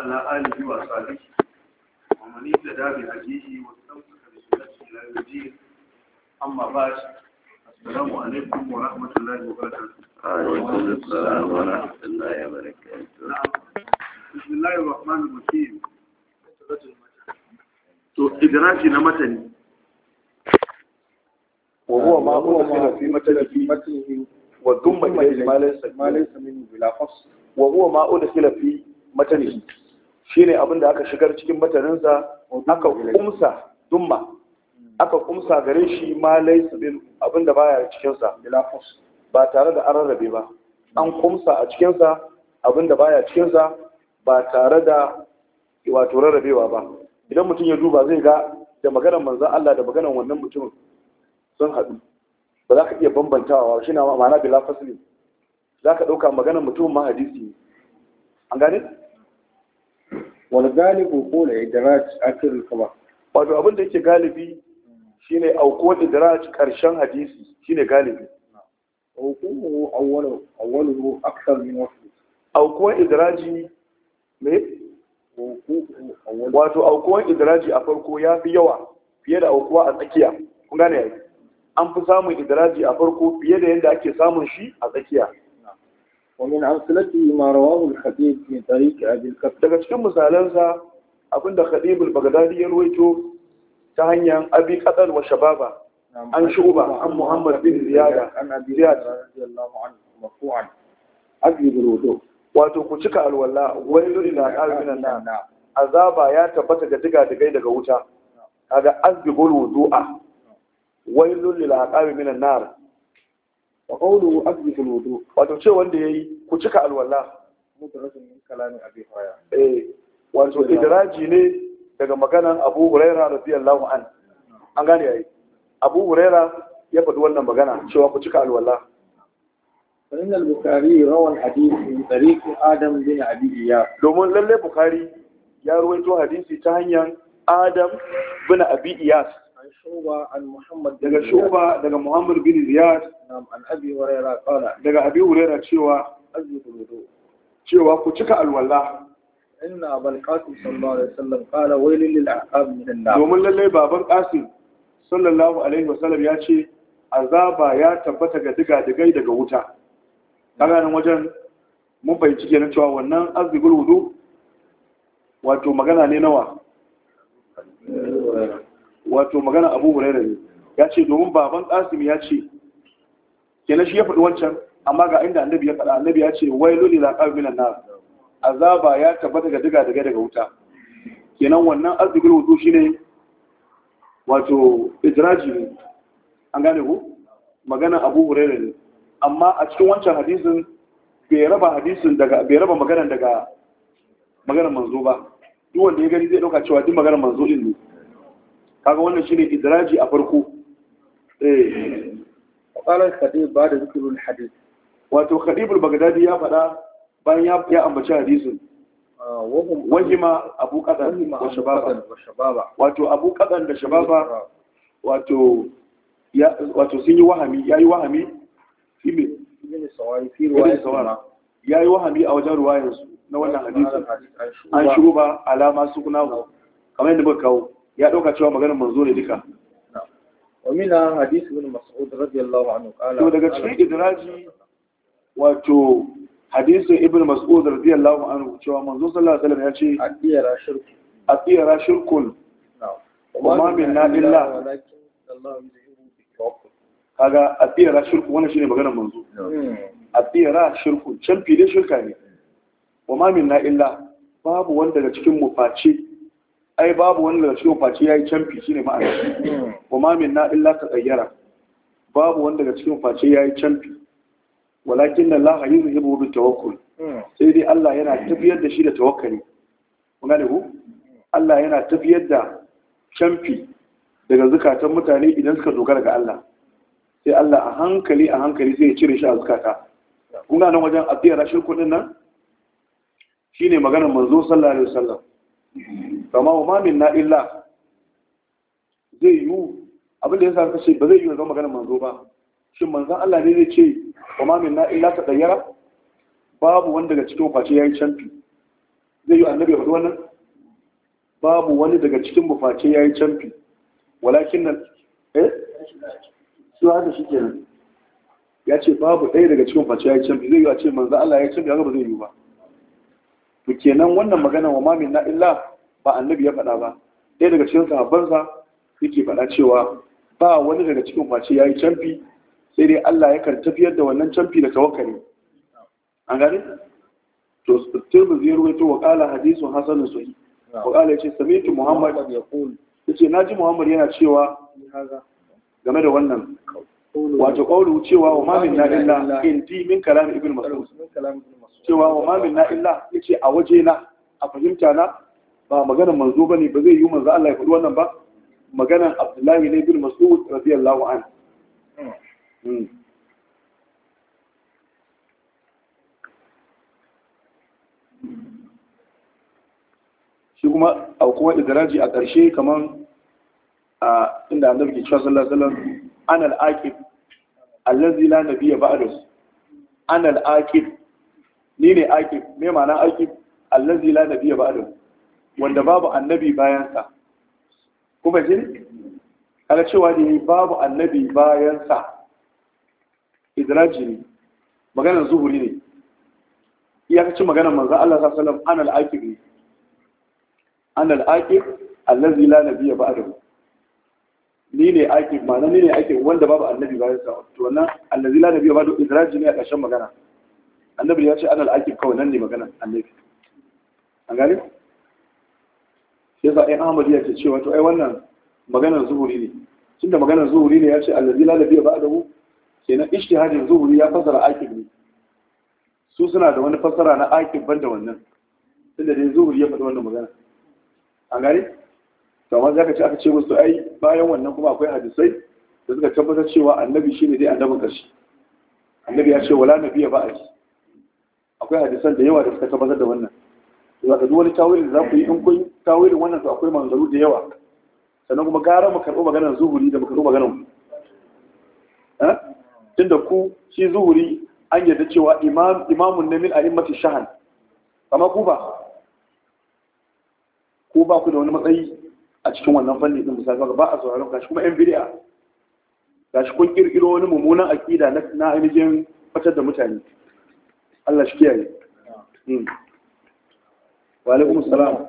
ala alihi wa sahbihi wa man ittaba bi hadihi wa tawaffaq bi sunnati al-jadid amma ba'd assalamu alaykum wa rahmatullahi wa barakatuh alaykum assalam wa rahmatullahi wa barakatuh bismillahir rahmanir rahim to idraki na matani wa huwa ma huwa fi matani fi matani wa dumma ijmalan sa'malan samin bila fas wa huwa ma ulasila fi matani shine abin da aka shigar cikin mataninsa aka kumsa dumma aka kumsa gare shi ma laysa bin abin da baya cikinsa. ba tare da ararrabe ba an kumsa a cikinsa, abinda abin da baya cikinsa, ba tare da wato rarrabewa ba idan mutum ya duba zai ga da maganar manzan Allah da maganar wannan mutumin sun haɗu ba za ka iya bambantawa shi na ma'ana bila fasli za ka ɗauka maganar mutumin ma hadisi an gane Wani galibu ko da idraj akhir kama wato abin da yake galibi shine auko idraj karshen hadisi shine galibi auko awwalu awwalu akthar min wasl auko idraji me wato aukuwan idraji a farko ya fi yawa fiye da aukuwa a tsakiya kun gane an fi samun idraji a farko fiye da yadda ake samun shi a tsakiya ومن ما رواه الخطيب في طريق أبي daga cikin misalansa abinda Khatib al-Baghdadi ta hanyar Abi Qadal Shababa an Shu'ba an Muhammad bin Ziyad an Abi Ziyad radiyallahu anhu marfu'an Abi wato ku cika alwala wani zuri na alminan nan azaba ya tabbata ga diga digai daga wuta kaga azbi gulu du'a minan wa qawluhu asbiqul wudu wato ce wanda yayi ku cika alwala mudrajin kalami abi hurairah eh wato idraji ne daga maganan abu hurairah radiyallahu an an gane yayi abu ya faɗi wannan magana cewa ku cika alwala فإن البخاري روى الحديث من طريق آدم بن أبي إياس دومون للي بخاري يروي تو حديثي تهنيا آدم بن أبي إياس daga shuba daga muhammad bin ziyad daga abi huraira cewa cewa ku cika alwala inna abul sallallahu alaihi wasallam qala waylil lil aqab min an domin lalle baban qasim sallallahu alaihi wasallam ya ce azaba ya tabbata ga diga digai daga wuta kaga nan wajen mun fahimci kenan cewa wannan azbigul wudu wato magana ne nawa wato magana abu hurairar ne ya ce domin baban ƙasim ya ce kenan shi ya faɗi wancan amma ga inda annabi ya faɗa annabi ya ce wai lulli la minan nar azaba ya tabbata ga diga daga daga wuta kenan wannan arzikin wuto shi ne wato idraji ne an gane ku magana abu hurairar ne amma a cikin wancan hadisin bai raba hadisin daga bai raba maganar daga maganar manzo ba duk wanda ya gani zai ɗauka cewa duk maganar manzo ɗin ne kaga wannan shine idraji a farko eh qala khatib ba da zikrul hadith wato khatib al-baghdadi ya faɗa bayan ya ambaci hadisin ah, wajima abu kadan da shababa wato abu kadan da shababa wato sun yi wahami ya yi wahami fi me ya yi wahami a wajen ruwayarsu na wannan hadisin an shigo ba alama su kuna kamar yadda muka kawo ya dauka cewa maganar manzo ne duka wa mina hadith ibn mas'ud radiyallahu anhu qala to daga cikin idraji wato hadisin ibn mas'ud radiyallahu anhu cewa manzo sallallahu alaihi wasallam ya ce atiyara shirku atiyara shirkun وما منا إلا kaga a tsira shirku wannan shine maganar manzo hmm. a tsira shirku can fide shirka ne wa ma min na illa babu wanda daga cikin mu face ai babu wani daga cikin face yi canfi shine ma'ana wa ma na illa tsayyara. babu wani daga cikin face yi canfi walakin da Allah yuzhibu bi tawakkul sai dai Allah yana tafiyar da shi da tawakkali Kuna da ku Allah yana tafiyar da canfi daga zukatan mutane idan suka dogara ga Allah sai Allah a hankali a hankali zai cire shi a zukata kun nan wajen abiyar rashin kudin nan shine maganar manzo sallallahu alaihi wasallam kama wa mamin na illa zai yiwu abinda ya sa ce ba zai wa zama maganar manzo ba shin manzan Allah ne zai ce wa mamin na illa ta ɗayyara babu wani daga cikin face ya yi canfi zai yi annabi hudu wannan babu wani daga cikin buface ya yi canfi walakin nan eh su haka shi kenan ya ce babu ɗaya daga cikin face ya yi canfi zai yi a ce manzan Allah ya yi canfi ga ba zai yi ba to kenan wannan magana wa mamin na illa ba annabi ya faɗa ba ɗaya daga cikin sahabbansa yake faɗa cewa ba wani daga cikin kwace ya yi camfi sai dai Allah yakan tafiyar da wannan camfi da tawakkali an gane to tirmidhi zai ruwaito wa Waƙala hadisu hasanun sahih wa Waƙala yace sami'tu muhammad yaqul yace naji muhammad yana cewa game da wannan wato qawlu cewa wa ma minna illa inti min kalam ibn mas'ud cewa wa ma minna illa yace a waje na a fahimta na ba maganar manzo bane ba zai yi manzo Allah ya faɗi wannan ba maganar Abdullahi ne bin Mas'ud radiyallahu an hmm. shi kuma a kuma idraji a ƙarshe kaman a inda annabi ke cewa sallallahu alaihi wasallam anal al-aqib allazi la nabiyya ba'dahu aqib ni ne aqib me ma'ana aqib allazi la nabiyya ba'dahu wanda babu annabi bayansa kuma jini kaga cewa ne babu annabi bayansa idraji ne maganar zuhuri ne iyakacin maganar manzo Allah sallallahu alaihi wasallam an al-aqiq ne an al allazi la nabiyya ba'dahu ni ne aqiq ma ni ne aqiq wanda babu annabi sa, to wannan allazi la nabiyya ba'dahu idraji ne a ƙarshen magana annabi ya ce an al kawai nan ne magana annabi an gane sai sa ɗan amaliya ke cewa to ai wannan maganar zuhuri ne tunda maganar zuhuri ne ya ce allazi la nabiya ba'dahu sai na ijtihadin zuhuri ya fasara aikin ne su suna da wani fasara na aqib banda wannan tunda dai zuhuri ya faɗi wannan magana an gane to amma zaka ce aka ce musu ai bayan wannan kuma akwai hadisai da suka tabbatar cewa annabi shine dai annabin karshe annabi ya ce wala a ba'di akwai hadisan da yawa da suka tabbatar da wannan zaka duk wani tawili da za ku yi in kun tawilin wannan su akwai manzaru da yawa sannan kuma gara mu karɓo maganar zuhuri da mu karɓo maganar mu eh? tunda ku shi zuhuri an yarda cewa imamun ne min a'immati shahan amma ku ba ku ba ku da wani matsayi a cikin wannan fanni din misali ba a tsoron gashi kuma yan bid'a gashi kun kirkiro wani mummunan aƙida na ainihin fatar da mutane Allah shi kiyaye hmm. wa alaikum salam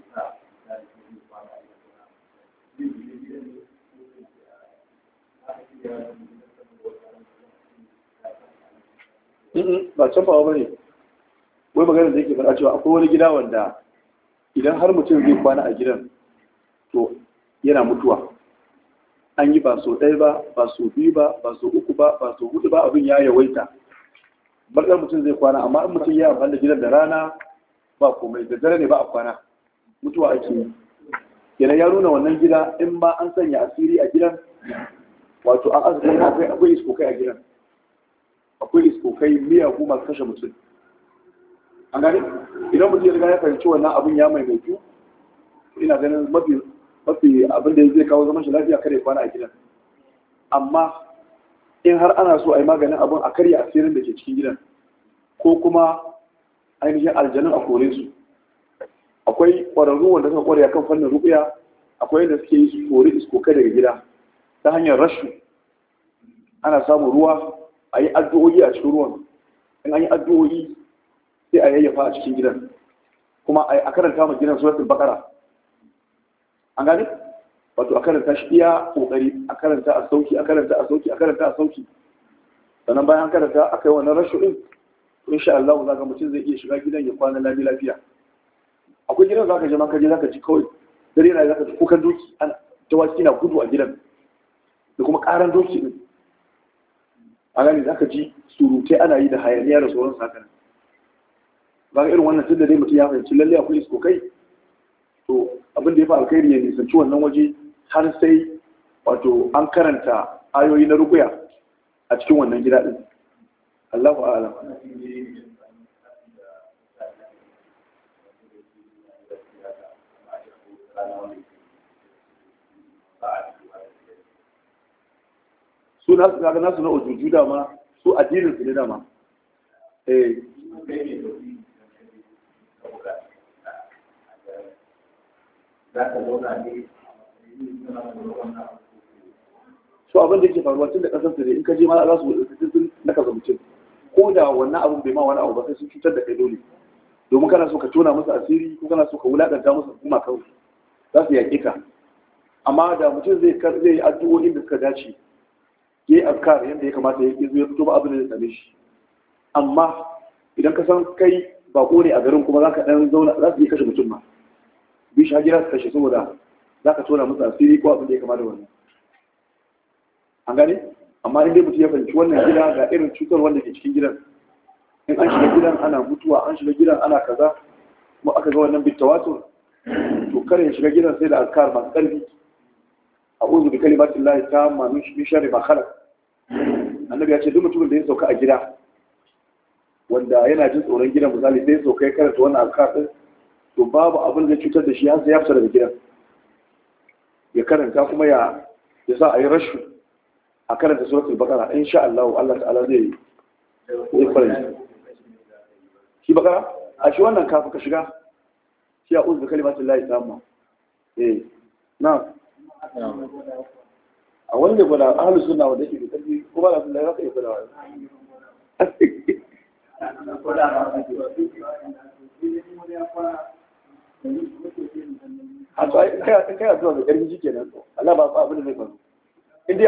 ba can fawa ba ne wai magana da yake fara cewa akwai wani gida wanda idan har mutum zai kwana a gidan to yana mutuwa an yi ba so ɗaya ba ba so biyu ba ba so uku ba ba so hudu ba abin ya yawaita barɗar mutum zai kwana amma in mutum ya amfani da gidan da rana ba komai da dare ne ba a kwana mutuwa ake yi yana ya nuna wannan gida in ma an sanya asiri a gidan wato an azumin akwai akwai iskokai a gidan akwai iskokai ko masu kashe mutum an gani, idan mutum ya riga ya fahimci wannan abin ya mai maimaitu ina ganin mafi abin da zai kawo zaman shi lafiya kare kwana a gidan amma in har ana so a yi maganin abin a karya asirin da ke cikin gidan ko kuma ainihin aljanin a kore su akwai ƙwararru wanda suka ƙware kan fannin rukuya akwai yadda suke yi su kori iskokai daga gida ta hanyar rashu ana samun ruwa a yi addu'o'i a cikin ruwan in an yi addu'o'i sai a yayyafa a cikin gidan kuma a karanta ma gidan suratul bakara an gane wato a karanta shi iya kokari a karanta a sauki a karanta a sauki a karanta a sauki sannan bayan karanta aka yi wannan rashin din to insha Allah za ka mutum zai iya shiga gidan ya kwana lafiya lafiya akwai gidan za ka je ma ka je za ka ji kawai dare na za ka ji kukan doki ana tawaki na gudu a gidan da kuma karan doki din a aka za ji surutai ana yi da hayaniya da sauran sakana. ba irin wannan tun da dai mutum ya fahimci lalle akwai kai to abin da ya fi alkhairi ya nisanci wannan waje har sai wato an karanta ayoyi na rukuya a cikin wannan gida din Allahu a'lam Thank su nasu kaga nasu na ojuju dama su addinin su ne dama eh. su abin da ke faruwa tun da kasar su ne in ka je ma za su sun na kasar mutum ko da wannan abin bai ma wani abu ba sai sun cutar da kai dole domin kana so ka tona musu asiri ko kana so ka wulaƙanta musu kuma kawai za su yaƙe ka amma da mutum zai yi addu'o'in da suka dace ya yi azkar yadda ya kamata ya zo ya fito ba abin da ya same shi amma idan ka san kai bako ne a garin kuma za ka ɗan zauna za su iya kashe mutum ma bi shi hajjira su kashe saboda za ka tona musu asiri ko abin da ya kamata wannan an gane amma in dai mutum ya fahimci wannan gida ga irin cutar wanda ke cikin gidan in an shiga gidan ana mutuwa an shiga gidan ana kaza kuma aka ga wannan bittawatur to kare ya shiga gidan sai da azkar masu karfi. a uzu bi kalimatin lahi ta ma min shari ma khalaq annabi ya ce duk mutumin da ya sauka a gida wanda yana jin tsoron gidan misali sai ya sauka ya karanta wannan alkafin to babu abin da cutar da shi har sai ya fita daga gidan ya karanta kuma ya ya sa a yi rashu a karanta suratul in sha Allah Allah ta'ala zai yi fara shi bakara. a shi wannan kafa ka shiga shi a uzu kalimatul lahi tamma eh na a wanda gwada ahalu suna wanda ke ƙarfi na sun lafiya ka a tsaye a zuwa da ƙarfi shi Allah ba abin da zai faru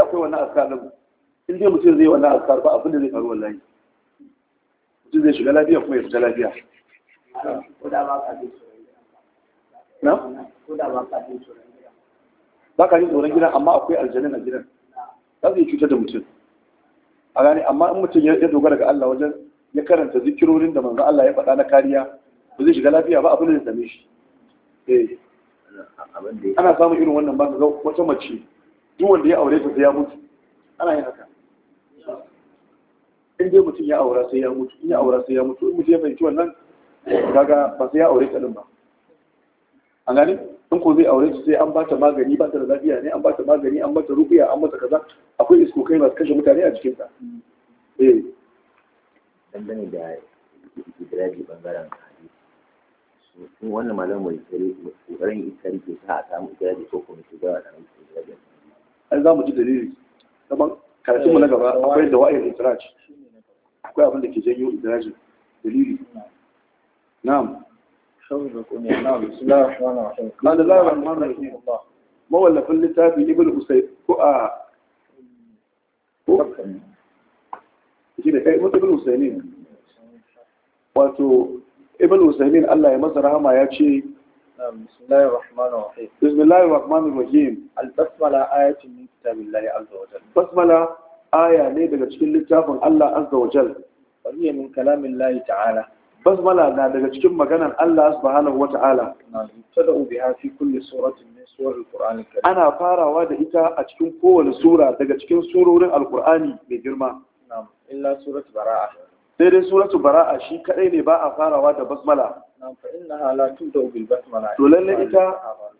akwai wannan askar nan mutum zai wannan askar ba abin da zai faru wallahi mutum zai ya fita ba ka yi tsoron gidan amma akwai aljanin a gidan za su yi cutar da mutum a gani amma in mutum ya dogara ga Allah wajen ya karanta zikirorin da manzo Allah ya faɗa na kariya ba zai shiga lafiya ba abin da zai same shi eh ana samun irin wannan ba ga wata mace duk wanda ya aure ta sai ya mutu ana yin haka in dai mutum ya aura sai ya mutu in ya aura sai ya mutu in mutum ya fahimci wannan kaga ba sai ya aure ta din ba A gani. in ko zai aure su sai an bata magani ba ta da lafiya ne an bata magani an mata rubiya an mata kaza akwai iskokai masu kashe mutane a cikin ta eh dangane da idraji bangaren hadisi sun wannan malam mai tsare kokarin iskari ke sa a samu idraji ko kuma shi ga samu idraji an za mu ji dalili kaman karatun mu na gaba akwai da wa'in idraji akwai abin da ke janyo idraji dalili na'am mawallafin littafi ibn husayn ko a shi da kai mutu ibn husaynin wato ibn husaynin Allah ya masa rahama ya ce بسم الله الرحمن الرحيم بسم الله الرحمن الرحيم ne daga cikin littafin Allah azza wa jalla min kalamin Allah ta'ala basmala na daga cikin maganar Allah subhanahu wata'ala tad'u biha ana farawa da ita a cikin kowane sura daga cikin surorin alqurani mai girma na'am illa suratu bara'a sai dai suratu bara'a shi kadai ne ba a farawa da basmala na'am fa to lalle ita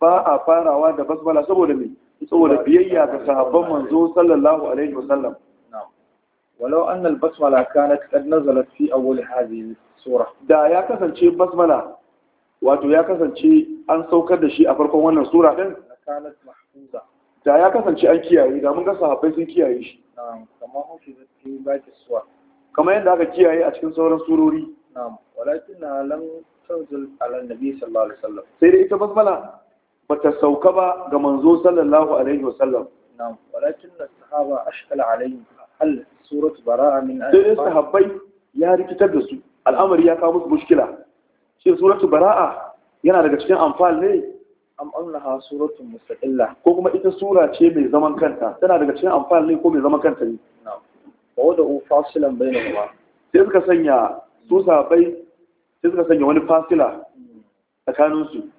ba a farawa da basmala saboda me saboda biyayya ga sahabban manzo sallallahu alaihi wasallam walau anna al-basmala kanat qad nazalat fi awwal hadhihi sura da ya kasance basmala wato ya kasance an saukar da shi a farkon wannan sura din da ya kasance an kiyaye da mun ga sahabbai sun kiyaye shi na'am kamar yadda aka kiyaye a cikin sauran surori na'am walakin lam tanzil ala nabi sallallahu sai dai ita basmala bata sauka ba ga manzo sallallahu alaihi wasallam na'am walakin sahaba ashkala alaihim hal suratu bara'a min ayati sahabbai ya rikitar da su al'amari ya kawo musu mushkila shi suratu bara'a yana daga cikin amfal ne am annaha suratun mustaqilla ko kuma ita sura ce mai zaman kanta tana daga cikin amfal ne ko mai zaman kanta ne na'am wa wada fasilan bainahuma sai suka sanya su sabai sai suka sanya wani fasila tsakanin su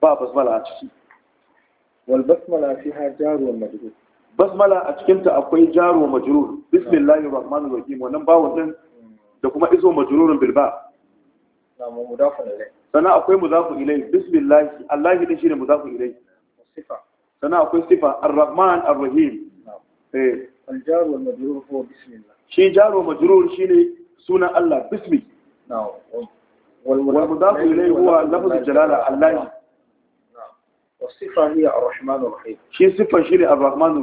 ba basmala a ciki wal basmala ha jaru wal majrur basmala a cikinta akwai jaru wa majrur bismillahir rahmanir rahim wannan bawon din da kuma izo majrurun bil ba sannan akwai muzafu ilai bismillah Allah din shine muzafu ilai sifa sannan akwai sifa ar-rahman ar-rahim eh al-jar wal majrur huwa shi jar wal majrur shine sunan Allah bismi wal mudafu ilai huwa lafzu jalala allahi. والصفة هي shi ne شي صفة شيء الرحمن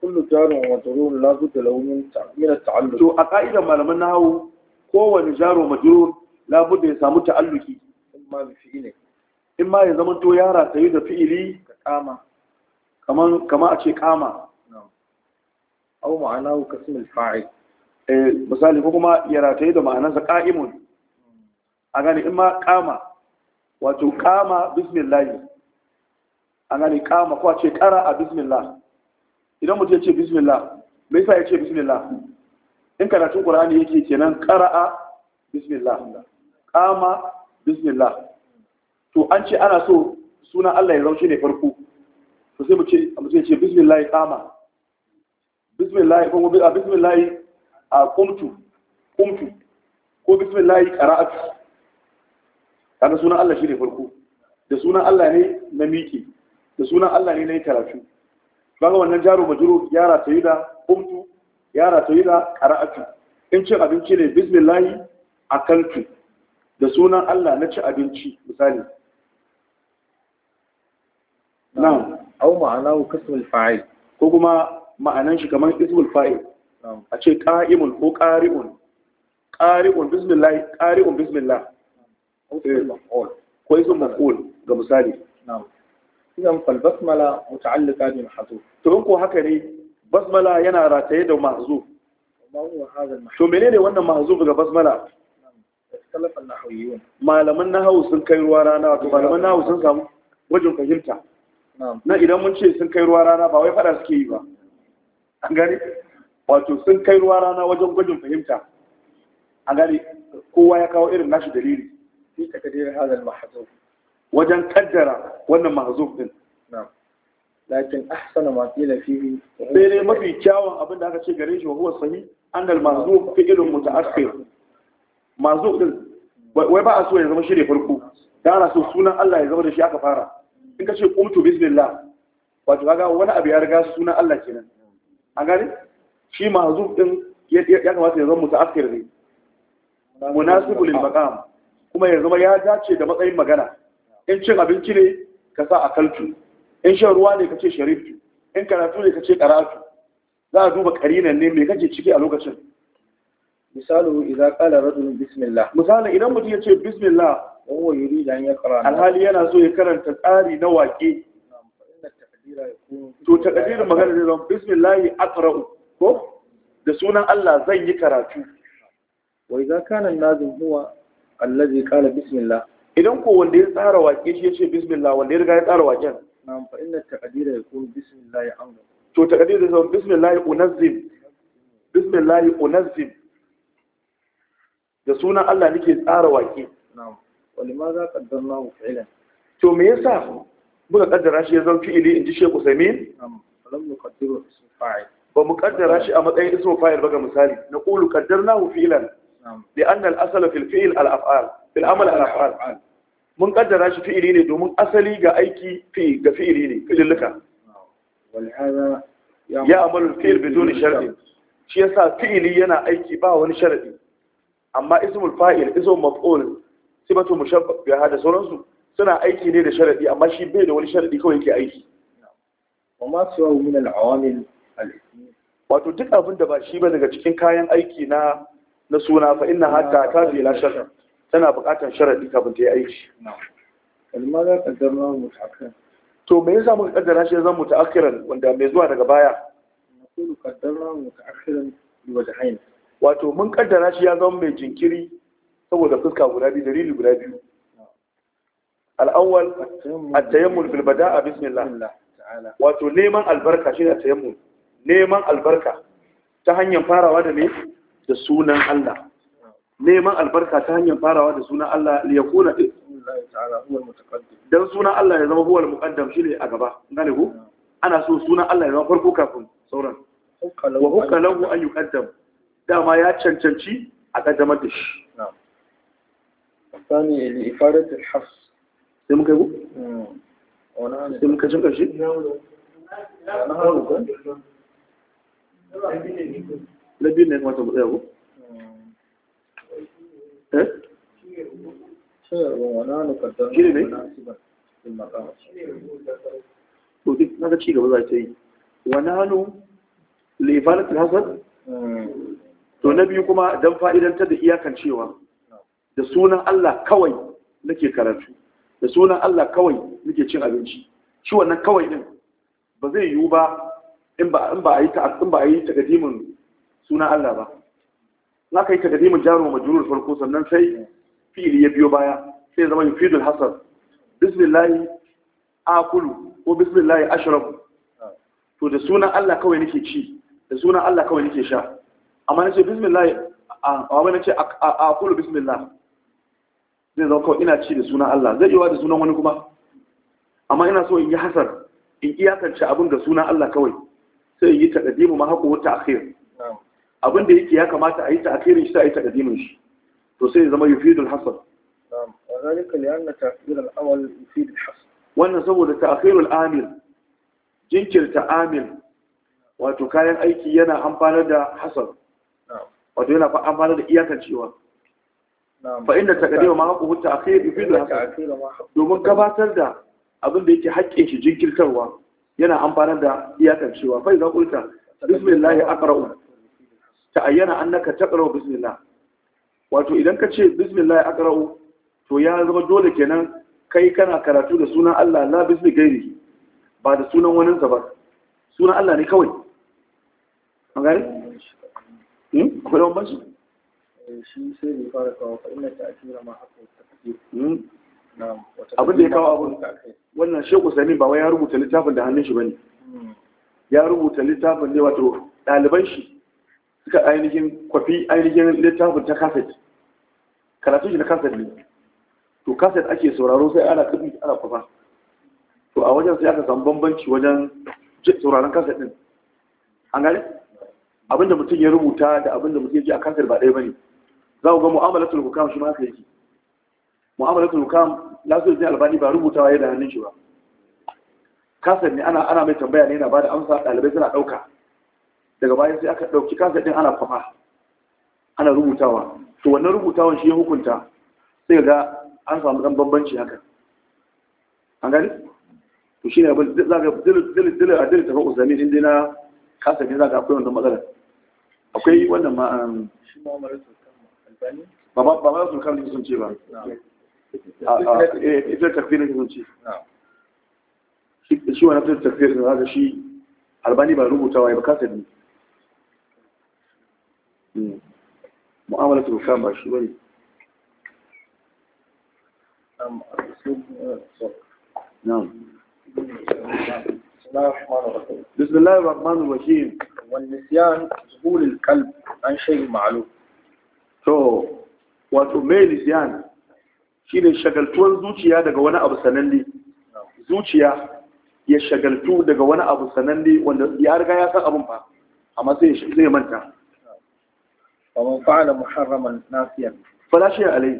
kullu jarun wa majrur la budda lahu min min ta'alluq to a ka'idar malaman nahwu kowane jarun majrur la budda ya samu ta'alluki imma bi fi'ili imma ya zama to ya rataye da fi'ili kama kaman kama a ce kama aw ma'ana kasm al-fa'il eh misali ko kuma ya rataye da ma'anarsa qa'imun hmm. a gani in ma kama wato kama bismillah a gane kama ko a ce kara a bismillah idan mutum ya ce bismillah me yasa ya ce bismillah in karatun qur'ani yake kenan "ƙara'a", bismillah "ƙama", bismillah to an ce ana so sunan Allah ya raushe ne farko to sai mutum ya ce bismillah ƙama bismillah ko bismillah a qumtu qumtu ko bismillah qara'atu kaga sunan Allah shi ne farko da sunan Allah ne na miƙe da sunan Allah ne na yi karatu kaga wannan jaro Majuro ya ratayu da kumtu ya da qara'atu in cin abinci ne bismillah akaltu da sunan Allah na ci abinci misali na'am au ku kasul fa'il ko kuma ma'anan shi kamar ismul fa'il a ce qa'imul ko qari'un qari'un bismillah qari'un bismillah eh, ko ismul maf'ul ga misali na'am idan fal basmala muta'allika bi mahzuf to in ko haka ne basmala yana rataye da mahzuf to menene wannan mahzuf ga basmala malaman nahawu sun kai ruwa rana to malaman nahawu sun samu wajen fahimta na idan mun ce sun kai ruwa rana ba wai fada suke yi ba an gani wato sun kai ruwa rana wajen gwajin fahimta an gani kowa ya kawo irin nashi dalili fi takdir hadal mahzuf wajen kaddara wannan mahzuf din lakin ahsana ma qila fihi sai dai mafi kyawun abin da aka ce gare shi wa huwa sahih an al mahzuf fi'lun muta'akhir mahzuf din wai ba a so ya zama shi ne farko da ana so sunan Allah ya zama da shi aka fara in ka ce qumtu bismillah wato kaga wani abu ya riga sunan Allah kenan an gane shi mahzuf din ya kamata ya zama muta'akhir ne munasibul maqam kuma ya zama ya dace da matsayin magana in cin abinci ne ka sa a kaltu. in shan ruwa ne ka ce shariftu. in karatu ne ka ce karatu za a duba karinan ne mai kake ciki a lokacin misalu idan kala rajulun bismillah misali idan mutum ya ce bismillah wa yuri da ya karanta alhali yana so ya karanta tsari na waƙe to takdirin magana ne don bismillah aqra'u ko da sunan Allah zan yi karatu wa idan kana nazim huwa allazi qala bismillah idan ko wanda ya tsara wake shi ya ce bismillah wanda ya riga ya tsara waken na'am fa da taqdira bismillah ya amna to taqdira zai bismillah unazzim bismillah unazzim da sunan Allah nake tsara wake na'am walimaza qaddarnahu fi'lan to me yasa muka kaddara shi ya zama fi'ili in Sheikh Usaimin na'am ba mu kaddara shi a matsayin iso fa'il ba ga misali na kulu, na qaddarnahu fi'lan لأن الأصل في الفعل الأفعال في العمل الأفعال من قدر شي ne domin asali ga aiki fi ga fi'ili ne fi'ilika walhada ya amalu fi'il bidun shar'i shi yasa fi'ili yana aiki ba wani sharadi amma ismul fa'il ismul maf'ul sifatu mushabbaha da sauransu suna aiki ne da sharadi amma shi bai da wani sharadi kawai yake aiki wato duk abin da ba shi ba daga cikin kayan aiki na na suna fa inna hatta ta fi ila shar tana buƙatar sharaɗi kafin ta yi aiki kalma za ka zama mutaakhiran to me yasa muka kaddara shi zama mutaakhiran wanda mai zuwa daga baya naqulu qaddara mutaakhiran bi wajhayn wato mun kaddara shi ya zama mai jinkiri saboda fuska guda biyu dalili guda biyu al'awwal at-tayammul bilbada bada'a bismillah wato neman albarka shi ne at-tayammul neman albarka ta hanyar farawa da me da sunan Allah neman albarka ta hanyar farawa da sunan Allah ya kuna Don sunan Allah ya zama huwal muqaddam shine a gaba gane ku ana so sunan Allah ya zama farko kafin sauran wa hukka lahu an yuqaddam dama ya cancanci a kaddamar da shi الثاني لإفادة الحفظ سمك أبو؟ سمك سمك شيء؟ na biyu ne ya kamata mu eh ci gaba za ta yi wa nanu lifalat to na biyu kuma dan ta da iyakan cewa da sunan Allah kawai nake karatu da sunan Allah kawai nake cin abinci shi wannan kawai din ba zai yiwu ba in ba in ba a yi ta in ba takadimin suna Allah ba na kai takadimin jaru wa majrur farko sannan sai fi'ili ya biyo baya sai zama yufidul hasar bismillah akulu ko bismillah ashrabu to da suna Allah kawai nake ci da suna Allah kawai nake sha amma nace bismillah amma nace akulu bismillah zai zama kawai ina ci da suna Allah zai yiwa da sunan wani kuma amma ina so in yi hasar in iyakance abin da suna Allah kawai sai yi taqdimu ma haƙo wata akhir abin da yake ya kamata a yi ta akirin shi ta yi ta kadimin shi to sai zama Yufi da وذلك wannan saboda ta'khirul amil jinkirta amil wato kayan aiki yana amfanar da hasal wato yana amfanar da iyakancewa fa inda taqdima ma haqqu Yufi da hasal domin gabatar da abin da yake haƙƙin shi jinkirtarwa yana amfanar da iyakancewa fa idan qulta bismillah aqra'u ta ayyana annaka taqra'u bismillah wato idan ka ce bismillah aqra'u to ya zama dole kenan kai kana karatu da sunan Allah la bismi gairi ba da sunan wani ba sunan Allah ne kawai an gari? hmm? akwai wani eh, shi sai ne fara kawo hmm? abin da ya kawo abin wannan sheku sami ba wai ya rubuta littafin da hannun shi ba ne hmm. ya rubuta littafin ne wato ɗaliban shi suka ainihin kwafi ainihin littafin ta kaset karatu shi na kaset ne to kaset ake sauraro sai ana kabi ana kwafa to a wajen sai aka samu bambanci wajen sauraron kaset din an gani? abinda mutum ya rubuta da abinda mutum ya ji a kaset ba ɗaya bane za ku ga mu'amalatul hukam shi ma haka yake mu'amalatul hukam lasu ne albani ba rubutawa ya hannun shi ba kaset ne ana ana mai tambaya ne yana bada amsa ɗalibai suna ɗauka daga bayan sai aka ɗauki kasa ɗin ana kwafa ana rubutawa to wannan rubutawan shi ya hukunta sai ga an samu ɗan bambanci haka an gani to shi ne abin za ga dilil a dilil tafa usami din na kasa ne za ga akwai wannan matsalar akwai wannan ma um, ba ba ba su kan sun ce ba eh, ita takfirin sun ce shi wannan takfirin za shi albani ba rubutawa ya ba kasa ne mu'amala ta hukam ba shi bane na'am بسم الله الرحمن الرحيم والنسيان ظهور القلب عن شيء معلوم to wato mai nisyan shine shagaltuwar zuciya daga wani abu sananne zuciya ya shagaltu daga wani abu sananne wanda ya riga ya san abun ba amma sai ya manta wa fa'ala muharraman nasiyan fala shi alai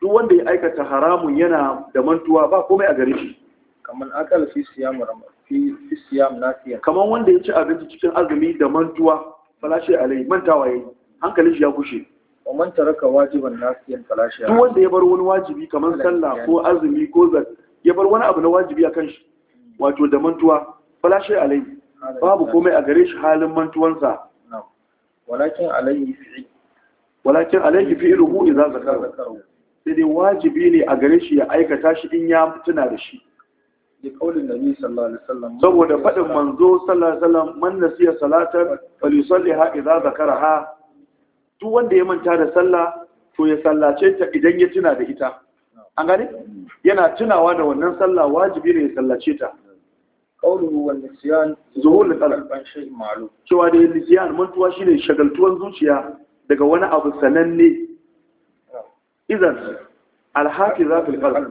duk wanda ya aikata haramun yana da mantuwa ba komai a gare shi kaman akal fi siyam fi fi siyam nasiyan kaman wanda ya ci abinci cikin azumi da mantuwa fala shi alai mantawa yayi hankalin shi ya kushe wa man taraka wajiban nasiyan fala shi duk wanda ya bar wani wajibi kaman sallah ko azumi ko zakat ya bar wani abu na wajibi a kanshi, shi wato da mantuwa fala shi alai babu komai a gare shi halin mantuwansa walakin alayhi fi'i walakin alayhi fi'luhu idza zakarahu sai dai wajibi ne a gare shi ya aikata shi in ya tuna da shi da kaulin nabi sallallahu alaihi wasallam saboda fadin manzo sallallahu alaihi wasallam man nasiya salatan falyusalliha idza zakaraha duk wanda ya manta da sallah to ya sallace ta idan ya tuna da ita an gane yana tunawa da wannan sallah wajibi ne ya sallace ta qawluhu wal nisyan zuhul talab an shay ma'lum cewa da nisyan mantuwa shi ne shagaltuwan zuciya daga wani abu sananne Izan idan za fil qalb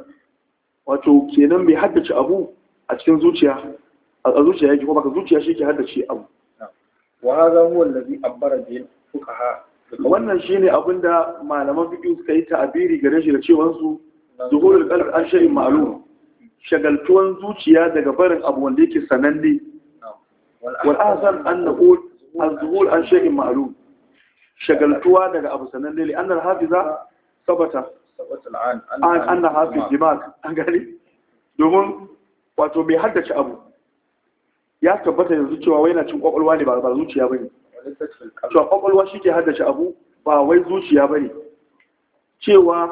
wato kenan mai haddace abu a cikin zuciya a zuciya yake kuma baka zuciya shi ke haddace abu wa hadha huwa allazi abbara bihi fuqaha wannan shine abinda malaman fiqh suka yi ta'abiri gare da cewa su zuhulul qalb an shay'in ma'lum shagaltuwan zuciya daga barin abu wanda yake sananne wal'azan ahsan an naqul az-zuhul an shay'in ma'lum shagaltuwa daga abu sananne li Hafi za hafiza sabata an na Hafi dimag an gani domin wato mai haddace abu ya tabbata yanzu cewa wai yana cin kwakwalwa ne ba zuciya ba ne. bane cewa kwakwalwa shi ke haddace abu ba wai zuciya ba ne. cewa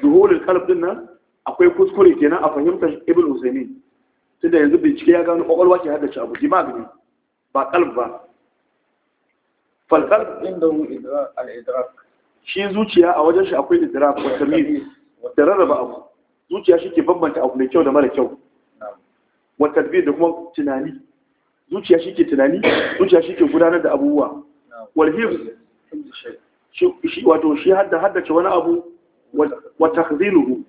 zuhulul kalb din nan akwai kuskure kenan a fahimtar ibn usaimin tunda yanzu bincike ya gano kwakwalwa ke haddace abu jima' ne ba kalb ba falkalb inda al-idrak shi zuciya a wajen shi akwai idrak wa tamyiz da rarraba abu zuciya shi ke bambanta abu mai kyau da mara kyau wa tadbir da kuma tunani zuciya shi ke tunani zuciya shi ke gudanar da abubuwa wal hifz shi wato shi haddace wani abu wa takhziluhu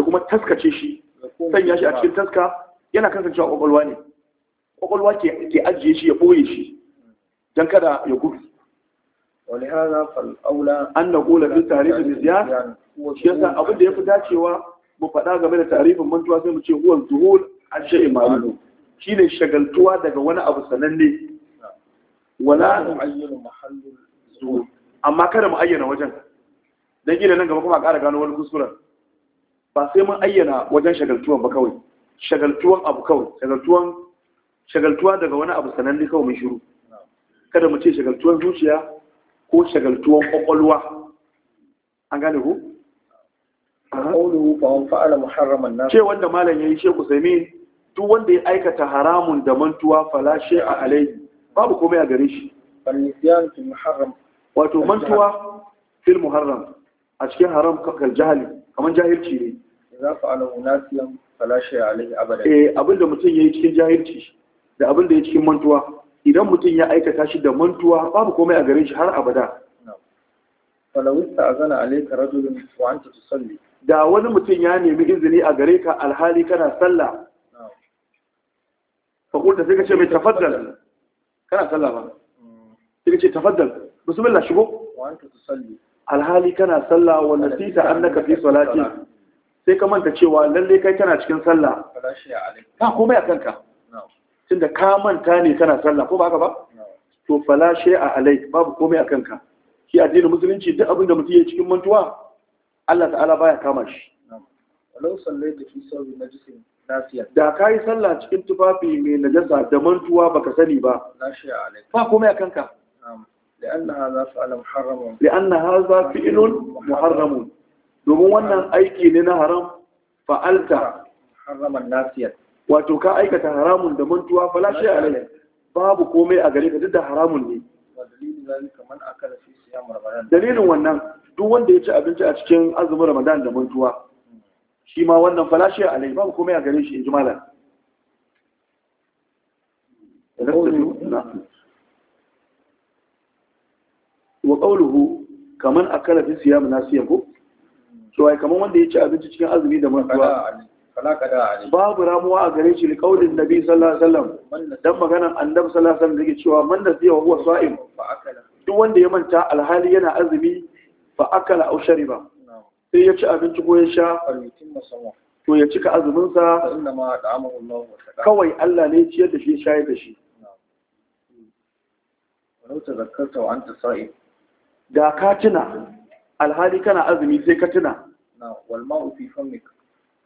da kuma taskace shi sanya shi a cikin taska yana kasancewa kwakwalwa ne kwakwalwa ke ajiye shi ya ɓoye shi don kada ya gudu ولهذا فالأولى أن نقول في تعريف النسيان يسا أبن دي يفتا mu faɗa game da tarifin mantuwa sai mu ce huwa zuhul an shay'i shine shagaltuwa daga wani abu sananne wala amma kada mu ayyana wajen dan gina nan gaba kuma a ƙara gano wani kuskuren ba sai mun ayyana wajen shagaltuwan ba kawai shagaltuwan abu kawai shagaltuwan shagaltuwa daga wani abu sananne kawai mun shiru kada mu ce shagaltuwan zuciya ko shagaltuwan kwakwalwa an gane ku ce wanda malam ya yi ce ku sami duk wanda ya aikata haramun da mantuwa falashe a alaihi babu komai a gare shi wato mantuwa fil muharram a cikin haram kal jahali kamar jahilci ne za fa alahu nasiyan fala a alaihi abada eh abinda mutum yayi cikin jahilci da abinda yayi cikin mantuwa idan mutum ya aikata shi da mantuwa babu komai a gare shi har abada a ista'zana alayka rajulun wa anta tusalli da wani mutum ya nemi izini a gare ka alhali kana sallah fa kulta sai ka ce mai tafaddal kana sallah ba mm. sai ka ce tafaddal bismillah shigo wa anta tusalli alhali kana sallah wa nasita annaka fi salati sai ka manta cewa lalle kai kana cikin sallah ka komai a kanka tunda ka manta ne kana sallah ko ba haka ba to fala shay'a alai babu komai a kanka shi addinin musulunci duk abin da mutum ya cikin mantuwa Allah ta'ala baya kama shi walau sallaita fi sawi najisin nasiya da kai sallah cikin tufafi mai najasa da mantuwa baka sani ba ba komai a kanka لأن هذا فعل محرم لأن هذا فعل محرم domin wannan aiki ne na haram fa'alta haraman nasiyar wato ka aikata haramun da mantuwa falashe babu komai a gare ka duk haramun ne dalilin wannan duk wanda ya ci abinci a cikin azumin ramadan da shi ma wannan falashe a babu komai a gare shi in malam wa kamar a akala fi muna siya ko to ai kamar wanda ya ci abinci cikin azumi da mantuwa babu ramuwa a gare shi liqaulin nabi sallallahu alaihi wasallam dan maganan annabi sallallahu alaihi wasallam da cewa man da siya wa sa'im duk wanda ya manta alhali yana azumi fa akala aw shariba sai ya ci abinci ko ya sha to ya cika azuminsa kawai Allah ne ya ciyar da shi shayar da shi ولو تذكرت وأنت صائم Da ka tuna alhali kana azumi sai ka tuna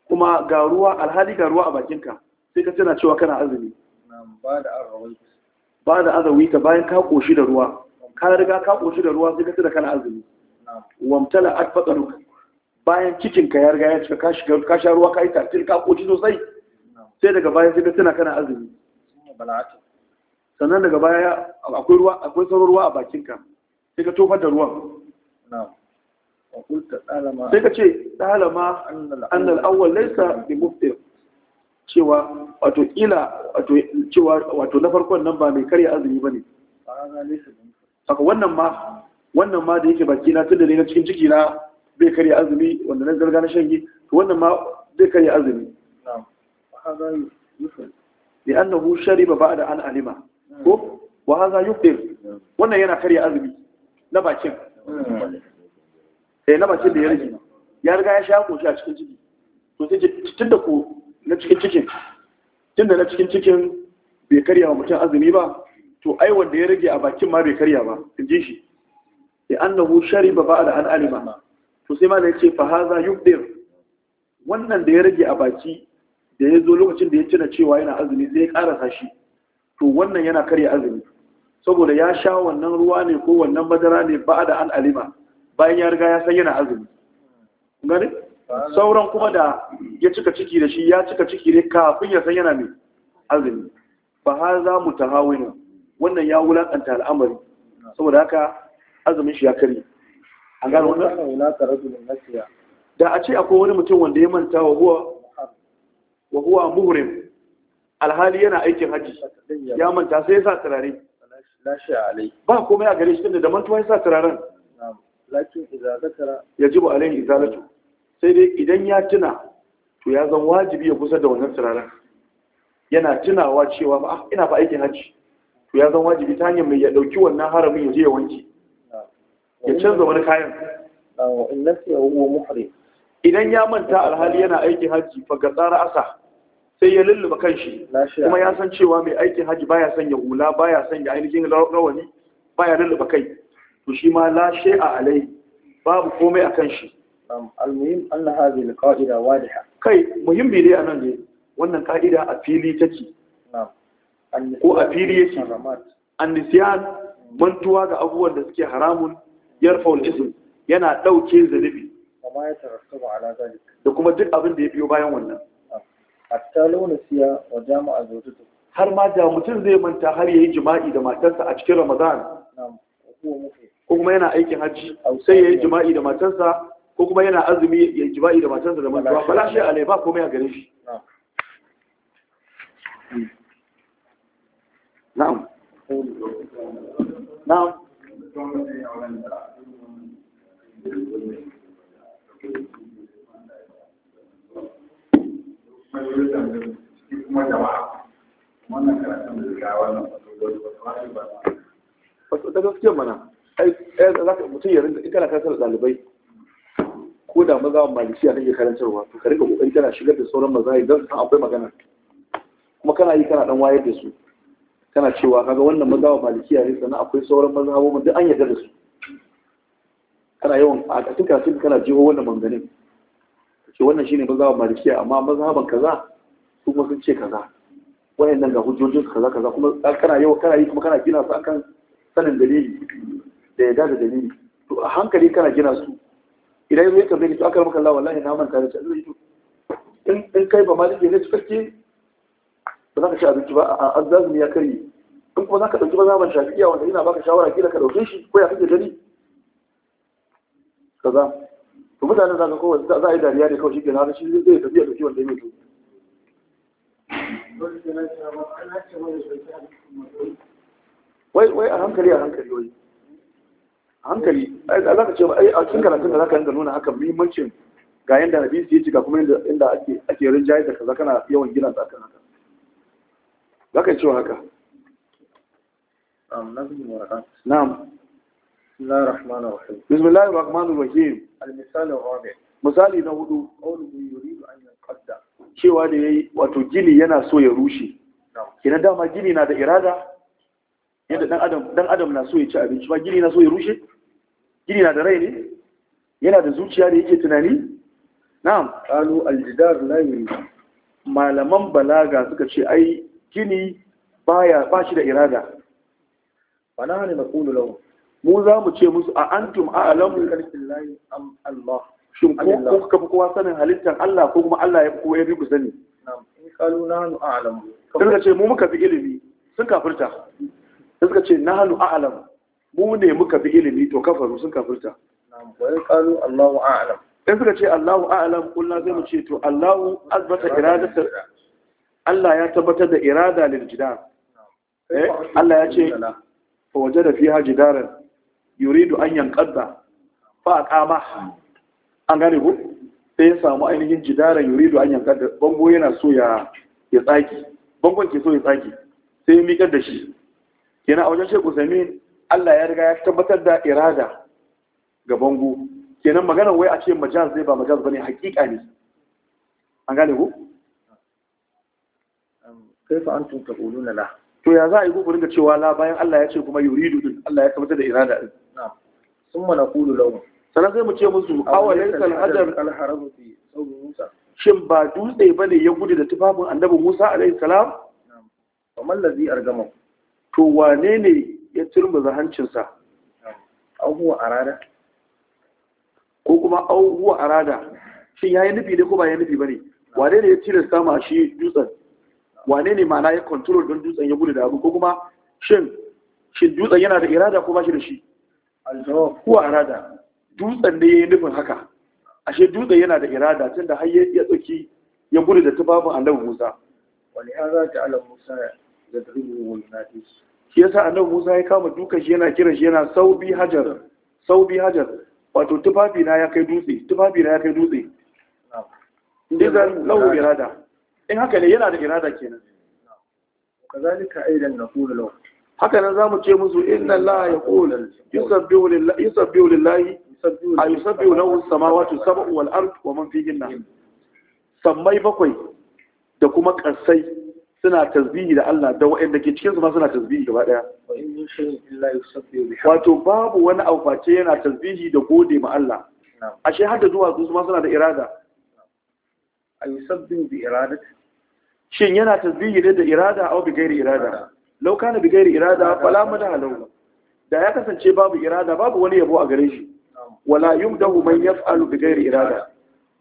kuma ga ruwa alhali ga ruwa a bakinka sai ka tuna cewa kana azumi ba da ta bayan ka koshi da ruwa ka riga ka koshi da ruwa sai ka tuna kana azumi wamtala atfaqaluka bayan cikinka ya riga ya cika ka shiga ka sha ruwa ka yi tartil ka koshi sosai sai daga baya sai ka tuna kana azumi sannan daga baya akwai ruwa akwai sauran ruwa a bakinka sai ka tofar da ruwan sai ka ce ɗalama annal al'awar laisa da muftir cewa wato ila wato cewa wato na farkon nan ba mai karya azumi ba ne. haka wannan ma wannan ma da yake baki na tunda ne na cikin ciki na bai karya azumi wanda na zarga na shangi to wannan ma zai karya azumi da an alima ko wa haza يفطر wannan yana karya azumi na bakin eh na bakin da ya rage ya riga ya sha koshi a cikin ciki to sai tun da ko na cikin cikin tun da na cikin cikin bai karya wa mutum azumi ba to ai wanda ya rage a bakin ma bai karya ba in ji shi ya annahu shariba ba da an alima to sai ma da ce fa haza yubdir wannan da ya rage a baki da ya zo lokacin da ya tuna cewa yana azumi sai ya karasa shi to wannan yana karya azumi saboda ya sha wannan ruwa ne ko wannan madara ne ba da an alima bayan ya riga ya san yana azumi gani sauran kuma da ya cika ciki da shi ya cika ciki ne kafin ya san yana mai azumi ba har za mu ta hawina wannan ya wulakanta al'amari saboda haka azumin shi ya karye an gano wannan da a ce akwai wani mutum wanda ya manta wa huwa wa huwa muhrim alhali yana aikin haji ya manta sai ya sa turare ba komai a gare shi tunda da mantuwa ya sa turaren lakin idza zakara yajibu alaihi izalatu sai dai idan ya tuna to ya zan wajibi ya kusa da wannan turaren yana tunawa cewa ba ah, ina ba aikin hajji to ya zan wajibi ta hanyar mai ya ɗauki wannan haramin ya je ya wanke ya canza wani kayan idan ya manta alhali yana aikin hajji fa ga tsara asa sai ya lulluba kanshi kuma ya san cewa mai aikin haji baya ya hula baya ya ainihin rawani baya lulluba kai to shi ma la shay'a alai babu komai a kanshi al-muhim anna hadhihi al-qa'ida wadiha kai muhimmi dai anan ne wannan ka'ida a fili take ko a fili yake an-nisyan mantuwa ga abubuwan da suke haramun yarfaul ism yana dauke zunubi da kuma duk abin da ya biyo bayan wannan hatta launa siya wa jama'a zautatu har ma da mutum zai manta har yayi jima'i da matarsa a cikin ramadan ko kuma yana aikin hajji sai yayi jima'i da matarsa ko kuma yana azumi yayi jima'i da matarsa da ba fala shi alai ba komai a gare shi na'am na'am majalisar da shi kuma jama'a wannan karatun da ga wannan ba, wato da gaskiya mana ai za ka mutum ya rinka in kana karantar ɗalibai ko da maza wa malikiya kake karantarwa to ka rinka kokarin kana shigar da sauran maza idan san akwai magana kuma kana yi kana dan wayar da su kana cewa kaga wannan maza wa malikiya ne sannan akwai sauran mazhabobin duk an yarda da su kana yawan a cikin karatun kana jiho wannan manganin to wannan shine mazhaban malikiya amma mazhaban kaza su kuma sun ce kaza wayannan ga hujjojin su kaza kaza kuma kana yau kana yi kuma kana gina su akan sanin dalili da yadda da dalili to a hankali kana gina su idan yau ya tambaye to aka maka Allah wallahi na manta da shi in in kai ba maliki ne cikakke ba za ka ci abinci ba a azazumi ya karye in kuma za ka ɗauki mazhaban shafi'iya wanda yana baka shawara kila ka ɗauke shi ko ya kake gani kaza to mutanen za ka kowa za a yi dariya ne kawai shi kenan har shi zai tafiya da kiwon da ya mutu wai wai a hankali a hankali wai a hankali za ka ce a cikin karatun da za ka nuna haka muhimmancin ga yadda hadisi ya ci ga kuma inda ake rinjaye da kaza kana yawan gina da akan haka za ka ce wa haka na'am بسم الله الرحمن الرحيم بسم الله الرحمن الرحيم المثال الرابع misali na hudu cewa da ya yi wato gini yana so ya rushe kenan dama gini na da irada yanda dan adam dan adam na so ya ci abinci ba gini na so ya rushe gini na da rai ne yana da zuciya da yake tunani na'am qalu aljidar la malaman balaga suka ce ai gini baya ba shi da irada bana ne na qulu lahu mu za mu ce musu a antum a'lamu Allah shin ko kuka fi kowa sanin halittar Allah ko kuma Allah ya fi kowa ya fi ku sani in kalu nahnu a'lamu suka ce mu muka fi ilimi sun kafirta suka ce nahnu a'lamu mu ne muka fi ilimi to kafaru sun kafirta wa in kalu Allahu a'lam in suka ce Allahu a'lam kullu zai mu ce to Allahu azbata iradata Allah ya tabbatar da irada lil jidar eh? Allah ya ce fa wajada fiha jidaran yuridu an yanqadda fa aqama an gane ko sai ya samu ainihin jidara yuridu an yanqadda bango yana so ya ya tsaki bangon ke so ya tsaki sai ya miƙar da shi yana a wajen Sheikh Usaimin Allah ya riga ya tabbatar da irada ga bango kenan magana wai a ce majaz zai ba majaz bane hakika ne an gane ko kaifa antum taquluna la to ya za a yi ku da cewa la bayan Allah ya ce kuma yuri din Allah ya kamata da irada din summa naqulu lahum sanan sai mu ce musu awalaysa al fi Musa shin ba dutse ba ne ya gudu da tufafin annabi Musa alaihi salam kamar lazi argama to wane ne ya turmuza hancinsa abubuwa arada ko kuma abubuwa arada shin ya yi nufi ne ko ba ya nufi ba ne wane ne ya tilasta ma shi dutsen wane ne na ya kontrol don dutsen ya gudu da abu ko kuma shin dutsen yana da irada ko ba shi da shi aljawab kuwa irada dutsen ne yi nufin haka ashe dutsen yana da irada tunda har ya tsaki ya gudu da tufafin annabi Musa wani hada ta ala Musa da dribu wani yunadi shi yasa annabi Musa ya kama dukan shi yana kiran shi yana sau hajar hajar wato tufafi na ya kai dutse tufafi na ya kai dutse zan irada in haka ne yana da irada kenan kazalika aidan naqulu law haka nan zamu ce musu inna allaha yaqulu yusabbihu lillahi yusabbihu lillahi a yusabbihu lahu as-samawati sab'u wal ardu wa man fihinna sammai bakwai da kuma kasai suna tasbihi da Allah da waɗanda ke cikinsu ma suna tasbihi gaba ɗaya. Wato babu wani auface yana tasbihi da gode ma Allah. Ashe har da duwatsu ma suna da irada. a yusabbin bi iradati shin yana tasbihi ne da irada aw bi gairi irada law kana bi gairi irada fala madaha da ya kasance babu irada babu wani yabo a gare shi wala yumdahu man yaf'alu bi gairi irada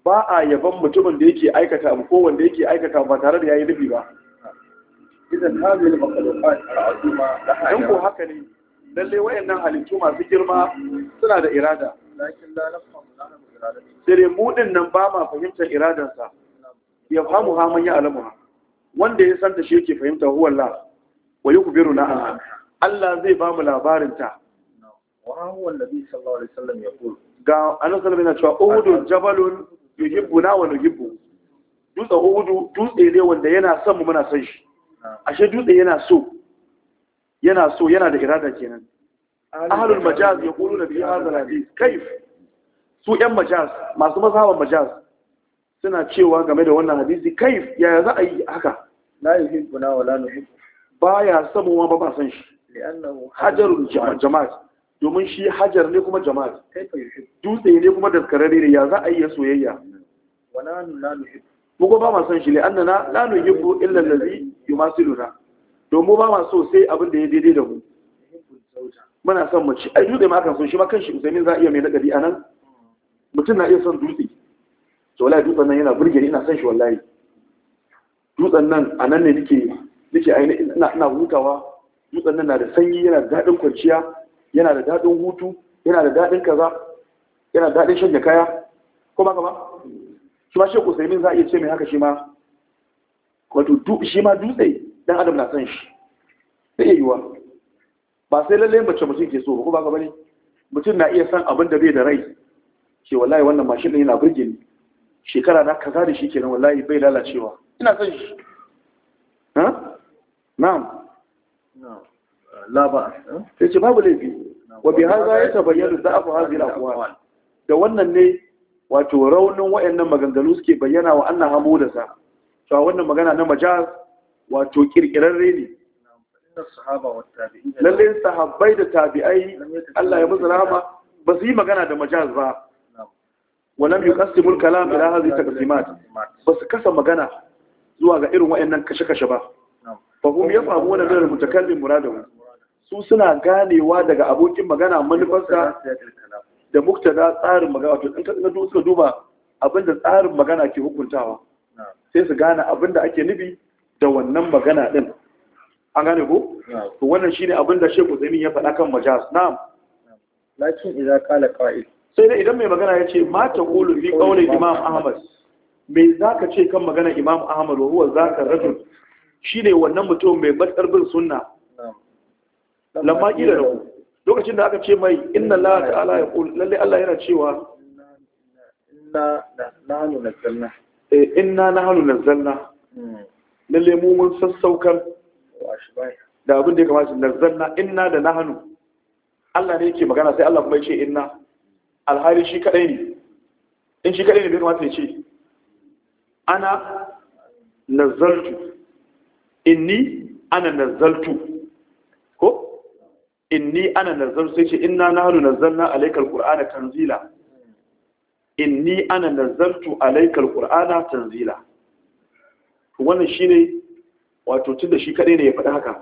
ba a yaban mutumin da yake aikata abu ko wanda yake aikata ba tare da yayi nufi ba idan hadhihi al-makhluqat al-azima dan ko haka ne lalle wayannan halittu masu girma suna da irada lakin la nafhamu irada sai mu din nan ba ma fahimtar iradansa ya famu ha man ya alamu wanda ya santa shi yake fahimta huwa Allah wa yukbiru na anha Allah zai ba mu labarin ta wa huwa alladhi sallallahu alaihi wasallam yaqul ga annabi sallallahu alaihi cewa uhudun jabalun dutsen uhudu dutse ne wanda yana son mu muna son shi ashe dutse yana so yana so yana da irada kenan ahlul majaz yaquluna bi hadha alhadith Kaif, su yan majaz masu mazhaban majaz suna cewa game da wannan hadisi kai, yaya za a yi haka la yuhibbu na wala nuhibbu baya samu ma ba san shi li'annahu hajarul jama'at domin shi hajar ne kuma jama'at dutse ne kuma da karare ne ya za a yi ya soyayya wala la nuhibbu mu ba ma san shi li'annana la nuhibbu illa allazi yumasiluna domin ba ma so sai abin da ya daidai da mu muna son mace ai dutse ma kan so shi ma kanshi usaimin za a iya mai nagari anan mutum na iya son dutse to wallahi dutsen nan yana burge ni ina son shi wallahi dutsen nan a nan ne nake nake ainihin ina ina hutawa dutsen nan na da sanyi yana da daɗin kwanciya yana da daɗin hutu yana da daɗin kaza yana da daɗin shanya kaya ko ba ka ba shi ma sheku sai min za a iya ce mai haka shi ma wato shi ma dutse dan adam na son shi da iya yiwa ba sai lalle mace mutum ke so ba ko ba ka bane mutum na iya san abin da bai da rai ce wallahi wannan mashin ne yana burge ni shekara na kaza da shi kenan wallahi bai lalacewa ina son shi ha na'am la ba eh? sai ce babu laifi wa bi hadha tabayyana da'fu hadhihi al-aqwal da wannan ne wato raunin wayannan maganganu suke bayyana wa annan hamu da sa to wannan magana na majaz wato kirkirarre ne lallai sahabbai da tabi'ai Allah ya musu rahama ba su yi magana da majaz ba ولم يقسم الكلام إلى هذه التقسيمات بس كسا مغانا زوا ga irin wayannan kashe-kashe ba fahum yafhamuna min al-mutakallim muradahu su suna ganewa daga abokin magana manufarsa da muktada tsarin magana to in ka suka duba abinda tsarin magana ke hukuntawa sai su gane abinda ake nufi da wannan magana din an gane ko to wannan shine abinda Sheikh Uthaymeen ya faɗa kan majaz na'am lakin idza qala qa'il sai dai idan mai magana ya ce mata ta fi ƙaunin imam ahmad mai za ka ce kan magana imam ahmad wa huwa za ka rajo shi ne wannan mutum mai matsar bin sunna lamma ƙila da ku lokacin da aka ce mai inna la ala ya ƙulu lallai allah yana cewa inna na hannu na zanna lallai mu mun sassaukar da abin da ya kamata na zanna inna da na hannu allah ne yake magana sai allah kuma ya ce inna alhali shi kadai ne in shi kadai ne bai kamata ya ce ana nazaltu inni ana nazaltu ko inni ana nazaltu sai ce inna nahnu nazzalna alayka alqur'ana tanzila inni ana nazaltu alayka alqur'ana tanzila wannan shine wato tunda shi kadai ne ya faɗi haka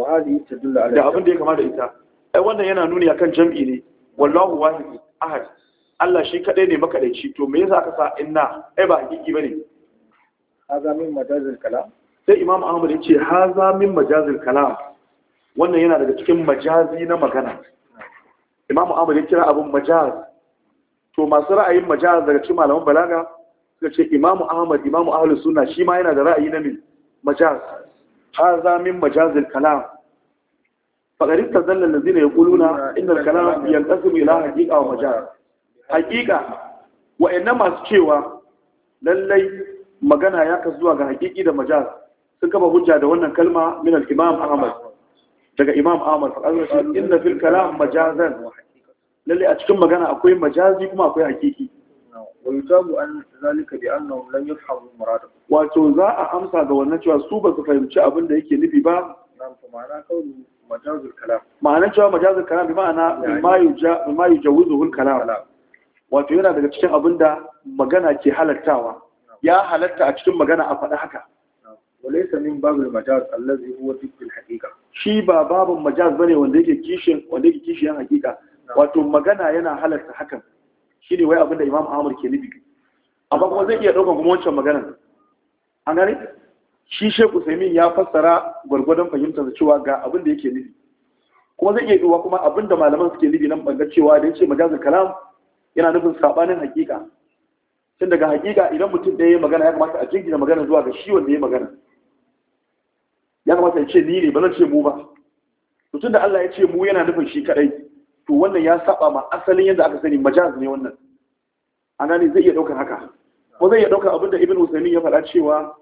wa hadi tadullu ala da abin da ya kamata ita ai wannan yana nuni akan jam'i ne wallahu wahid ahad Allah shi kadai ne makadaici to me yasa aka sa inna ai ba hakiki bane haza min majazil kalam sai imam ahmad ya ce haza min majazil kalam wannan yana daga cikin majazi na magana imam ahmad ya kira abun majaz to masu ra'ayin majaz daga cikin malaman balaga suka ce imam ahmad imam ahlus sunna shi ma yana da ra'ayi na min majaz haza min majazil kalam faƙarin ta zallar da zina ya kuluna inda kalam yankasu ila haƙiƙa wa majal haƙiƙa wa'annan masu cewa lallai magana ya kasu zuwa ga haƙiƙi da majal sun kafa hujja da wannan kalma min al-imam ahmad daga imam ahmad faƙarin shi inda fil kalam majazan lallai a cikin magana akwai majazi kuma akwai haƙiƙi ويجاب عن ذلك بأنهم لم يفهموا مراده wato za a amsa ga wannan cewa su ba su fahimci abin da yake nufi ba nan ma'ana kaulu ma'ana cewa majazul kalam bi ma'ana ma yujawizuhu kalam wato yana daga cikin abinda magana ke halartawa ya halatta a cikin magana a faɗa haka walaysa min babul majaz allazi huwa fi haqiqa shi ba babun majaz bane wanda yake kishin wanda yake kishin haqiqa wato magana yana halarta hakan shine wai abinda imam Amur ke nufi amma kuma zai iya daukan kuma wancan maganar an gane shi Sheikh Usaimin ya fassara gwargwadon fahimtar cewa ga abin da yake nufi kuma zai iya duwa kuma abin da malaman suke nufi nan bangar cewa da yace majazul kalam yana nufin sabanin hakika tun daga hakika idan mutum ɗaya ya magana ya kamata a jingina magana zuwa ga shi wanda ya magana ya kamata ya ce ni ne ba zan ce mu ba to tun da Allah ya ce mu yana nufin shi kadai to wannan ya saba ma asalin yadda aka sani majaz ne wannan Anani ne zai iya daukar haka ko zai iya daukar abin da Ibn Usaimin ya faɗa cewa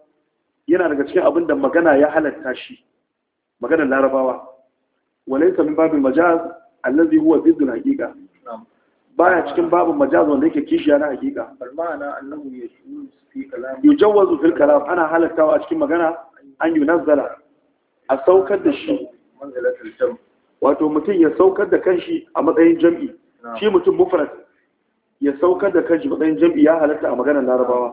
yana daga cikin abin da magana ya halatta shi maganar larabawa walaysa min babin majaz allazi huwa ziddul haqiqa baya cikin babin majaz wanda yake kishiya na haqiqa bal ma'ana annahu kalam fil kalam ana halattawa a cikin magana an yunazzala a saukar da shi wato mutum ya saukar da kanshi a matsayin jam'i shi mutum mufrad ya saukar da kanshi matsayin jam'i ya halatta a maganar larabawa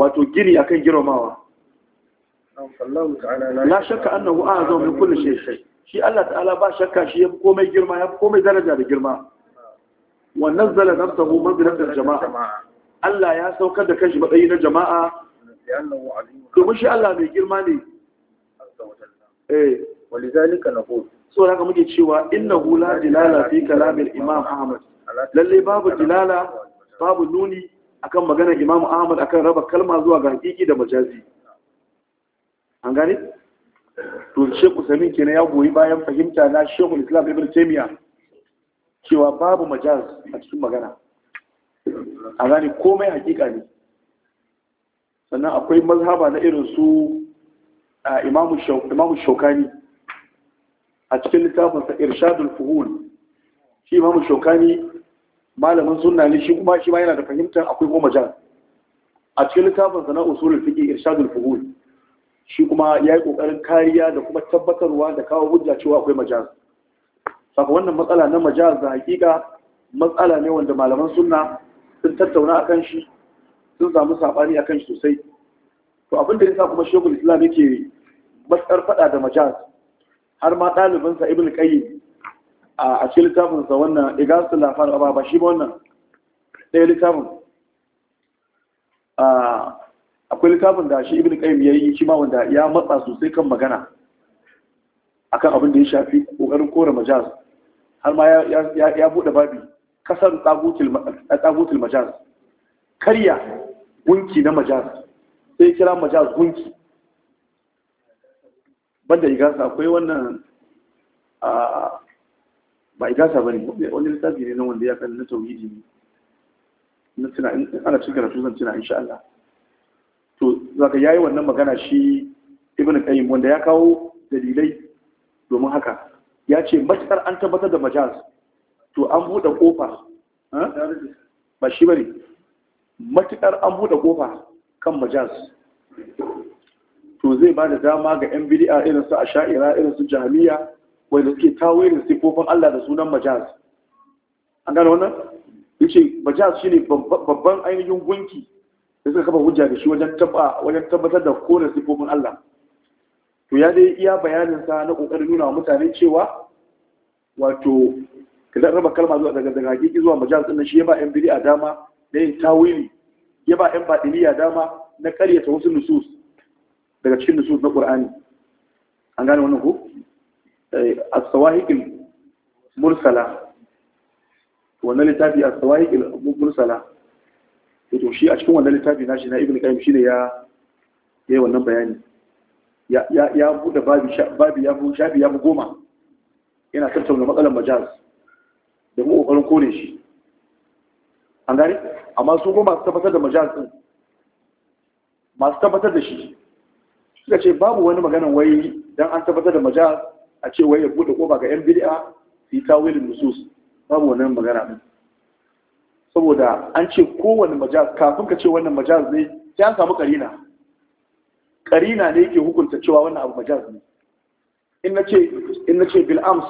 wato giri akan girmamawa Na shakka annahu a'zamu min kulli shay shi Allah ta'ala ba shakka shi ya fi komai girma ya fi komai daraja da girma wa nazzala mazinan da jama'a Allah ya saukar da kanshi matsayi na jama'a domin shi Allah mai girma ne eh walidhalika haka muke cewa inna hula dilala fi kalamin imam ahmad lalle babu dilala babu nuni akan magana Imam Ahmad akan raba kalma zuwa ga hakiki da majazi an gane to Sheikh Usaimin kenan ya goyi bayan fahimta na Sheikh Islam Ibn taymiya cewa babu majaz a cikin magana a gane komai hakika ne sannan akwai mazhaba na irin su imamu shaukani a cikin littafinsa irshadul fuhul shi imamu shaukani malamin sunna ne shi kuma shi ma yana da fahimtar akwai goma jan a cikin littafin sana usulul fiqi irshadul fuhul shi kuma ya yi kokarin kariya da kuma tabbatarwa da kawo hujja cewa akwai majaz saka wannan matsala na majaz da hakika matsala ne wanda malaman sunna sun tattauna akan shi sun samu sabani akan shi sosai to abin da yasa kuma shekul islam yake matsar fada da majaz har ma ɗalibansa, ibnu qayyim a cikin littafin sa wannan igasu lafar ba ba shi ba wannan ɗaya littafin akwai littafin da shi ibn qayyim yayi shi ma wanda ya matsa sosai kan magana akan abin da ya shafi kokarin kore majaz har ma ya buɗe babi kasar tsagutul majaz karya gunki na majaz sai kira majaz gunki banda igasta akwai wannan ba igasa ba ne wani littafi ne na wanda ya kan na tauhidi ne na tuna in ana cikin karatu zan tuna insha Allah to ka yayi wannan magana shi ibn qayyim wanda ya kawo dalilai domin haka ya ce matsar an tabbatar da majaz to an buɗe kofa ba shi bane matukar an buɗe kofa kan majaz to zai ba da dama ga yan bid'a irin su asha'ira irin su jami'a. wanda suke tawirin sifofin Allah da sunan majaz an gano wannan yace majaz shine babban ainihin gunki da suka kafa hujja da shi wajen taba wajen tabbatar da kore sifofin Allah to ya dai iya bayanin sa na kokarin nuna wa mutane cewa wato kada raba kalma zuwa daga daga hakiki zuwa majaz din shi ya ba yan bid'a dama da yin tawili ya ba yan badiliya dama na ƙaryata wasu nusus daga cikin nusus na Qur'ani an gane wannan ko Eh, as-sawahiqil mursala wannan littafi as-sawahiqil mursala eh, to shi a cikin wannan littafi nashi na ibn qayyim shine ya yayi wannan bayani ya ya babi ya bu shafi ya goma tattauna matsalar majaz da mu kokarin kore shi an gani amma su goma su tabbatar da majaz din masu tabbatar da shi suka ce babu wani maganan wai dan an tabbatar da majaz a ce wai ya bude kofa ga yan bid'a su yi tawilin nusus babu wannan magana din saboda an ce kowanne majaz kafin ka ce wannan majaz ne sai an samu karina karina ne yake hukunta cewa wannan abu majaz ne in na ce in na ce bil ams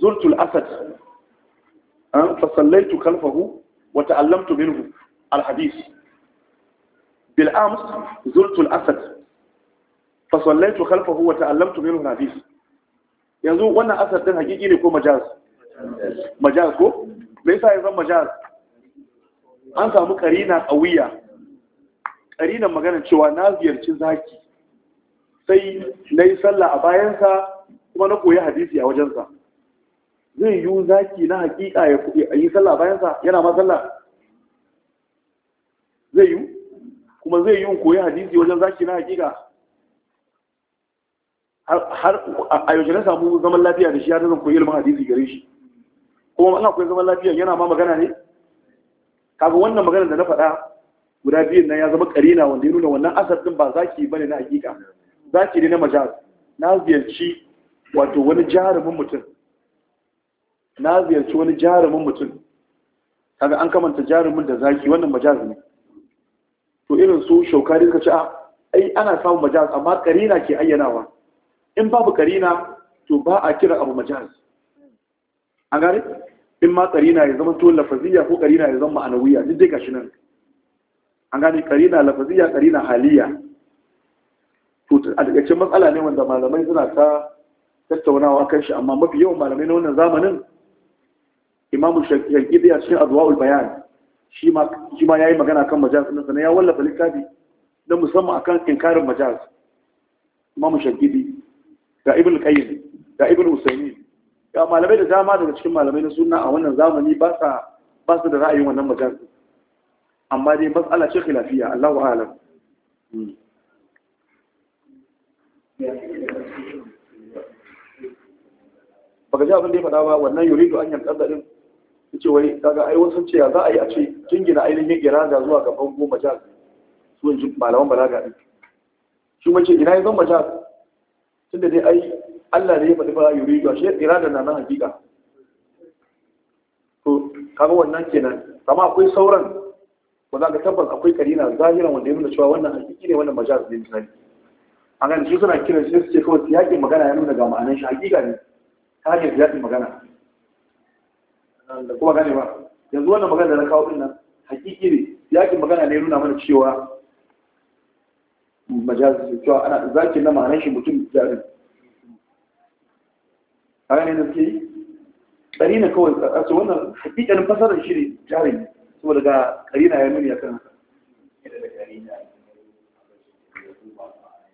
zurtul asad an fa sallaitu khalfahu wa ta'allamtu minhu al hadith bil ams zurtul asad fa sallaitu khalfahu wa ta'allamtu minhu hadith yanzu wannan asar din hakiki ne ko majaz majaz ko me yasa ya zama majaz an samu karina qawiya karinan magana cewa na ziyarci zaki sai nayi sallah a bayansa kuma na koyi hadisi a wajensa zai yi zaki na hakika ya a yi sallah bayansa yana ma sallah zai yi kuma zai yi koyi hadisi wajen zaki na hakika har a yaushe na samu zaman lafiya da shi ya zan koyi ilimin hadisi gare shi kuma ana koyi zaman lafiya yana ma magana ne kaga wannan magana da na faɗa guda biyun nan ya zama karina wanda ya nuna wannan asar din ba zaki bane na hakika zaki ne na majaz na ziyarci wato wani jarumin mutum na ziyarci wani jarumin mutum kaga an kamanta jarumin da zaki wannan majaz ne to irin su shaukari suka ci, a ah, ai ana samun majaz amma karina ke ayyanawa in babu karina to ba a kira abu majaz an gane in ma karina ya zama to lafaziya ko karina ya zama ma'anawiya duk dai gashi nan an gane karina lafaziya karina haliya to a cikin matsala ne wanda malamai suna ta tattaunawa kan shi amma mafi yawan malamai na wannan zamanin imamu shankidi a cikin azwa'ul bayan shi ma ya yi magana kan majaz ɗinsa na ya wallafa littafi na musamman akan inkarin majaz imamu shankidi ga ibn qayyim ga ibn usaymi ga malamai da dama daga cikin malamai na sunna a wannan zamani ba sa ba su da ra'ayin wannan majalisa amma dai mas'ala ce khilafiya Allahu a'lam hmm. baka ji abin da ya faɗa ba wannan yuridu an yamtsar din ce wai kaga ai wasu ce za a yi a ce jingina ainihin irada zuwa gaban goma jaz su in ji malaman balaga din shi mace ina ya zan majaz tunda dai ai Allah ne ya faɗi ba yuridu ya irada na nan hakika to kaga wannan kenan amma akwai sauran ba za ka tabbas akwai karina zahiran wanda ya nuna cewa wannan hakiki ne wannan majaz ne misali an gane shi suna kiran shi suke kawai yaƙin magana ya nuna ga ma'anan shi hakika ne ta hanyar yaƙin magana da kuma gane ba yanzu wannan magana da na kawo ɗin nan hakiki ne yaƙin magana ne ya nuna mana cewa majazi cewa ana zaki na ma'anar shi mutum jarin a yanayin da suke yi ƙarina kawai a su wannan haƙiƙanin fasarar shi ne jarin saboda daga ƙarina ya nuni a kan haka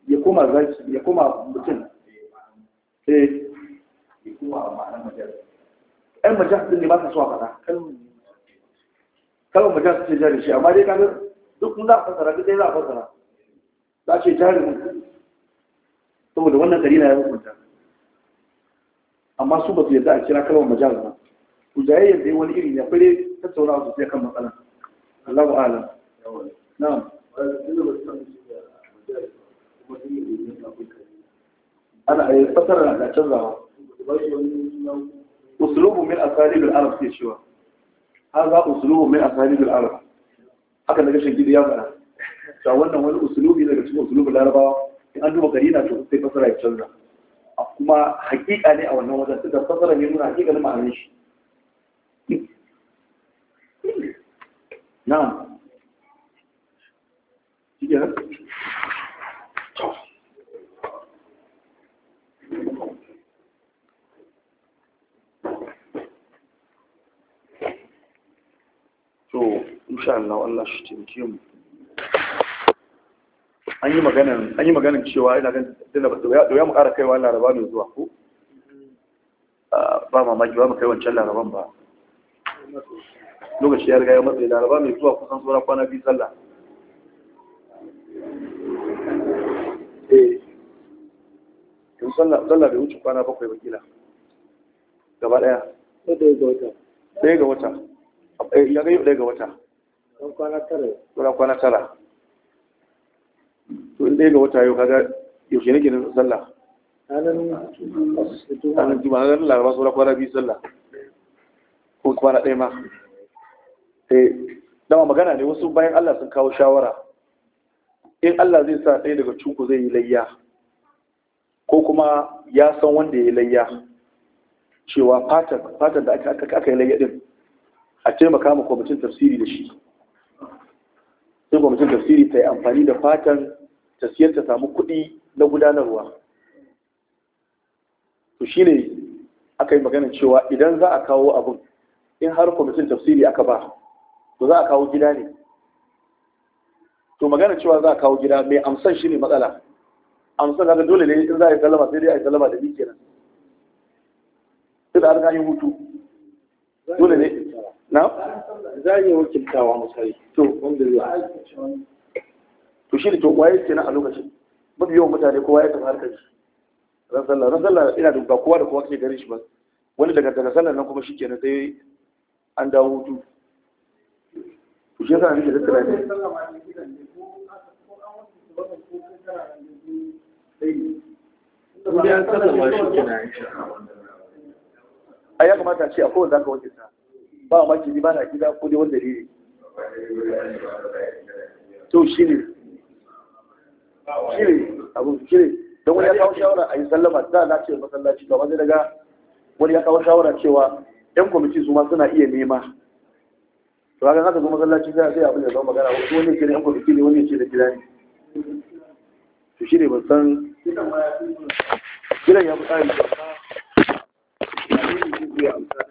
ya koma zaki ya koma mutum eh ya koma ma'anar majazi ɗan majazi ne ba ta so a faɗa kalmar majazi ce jarin shi amma dai kaga duk mun za a fasara duk dai za a fasara za a ce jarumin saboda wannan dalila ya hukunta amma su ba su yadda a kira kalmar majal ba ku jaye yadda wani iri ya fure tattaunawa sosai kan matsalan Allahu a'lam na'am ana yi eh, fasara na canzawa usulubu min asalib al-arab ke cewa hadha usulubu min asalib al-arab haka daga shi gidi ya fara ta wannan wani usulubi daga cikin usulubin larabawa in an duba gari na to sai fasara ya canza kuma hakika ne a wannan wajen suka fasara ne nuna hakika na ma'anin shi na'am to insha Allah Allah shi taimake mu an yi maganan an yi maganan cewa ina gan da ya mu kaiwa laraba mai zuwa ko ba mamaki ba mu kai wancan laraban ba lokaci ya riga ya matsayi laraba mai zuwa kusan sauran kwana biyu sallah eh in sallah bai wuce kwana bakwai ba gaba daya ɗaya ga wata ɗaya ga wata eh, ya ga yau ɗaya ga wata kwana tara kwana tara to in ɗaya ga wata yau kaga yaushe nake nan sallah ranar juma'a ranar laraba saura kwana biyu sallah ko kwana ɗaya ma eh dama magana ne wasu bayan Allah sun kawo shawara in Allah zai sa ɗaya daga cuku zai yi layya ko kuma ya san wanda ya yi layya cewa fatan da aka yi layya din a taimaka ma kwamitin tafsiri da shi sai kwamitin tafsiri ta yi amfani da fatan ta siyar ta samu kuɗi na gudanarwa to ne aka yi magana cewa idan za a kawo abin in har kwamitin tafsiri aka ba to za a kawo gida ne to magana cewa za a kawo gida mai amsan shi ne matsala amsan kaga dole ne in za a yi sallama sai dai a yi sallama da biki nan, sai da an yi hutu dole ne na za a yi wakiltawa misali to wanda zai to shi da to waye ke nan a lokacin babu yawan mutane kowa ya tafi harkar shi ran sallah ran sallah ina da ba kowa da kowa ke garin shi ba wani daga daga sallar nan kuma shi kenan sai an dawo hutu to shi yasa ne ke tattara ne a ya kamata ce a kowane za ka wanke ta ba a maki ba na gida ko dai wani ne. to shi ne shine abun shine don wani ya kawo shawara a yi sallama da na ce masallaci ba wani daga wani ya kawo shawara cewa yan kwamiti su ma suna iya nema to haka haka zo masallaci sai sai abin da zama magana wasu wani ke yan kwamiti ne wani ce da gida ne to shine ban san gidan ya fi tsari ba da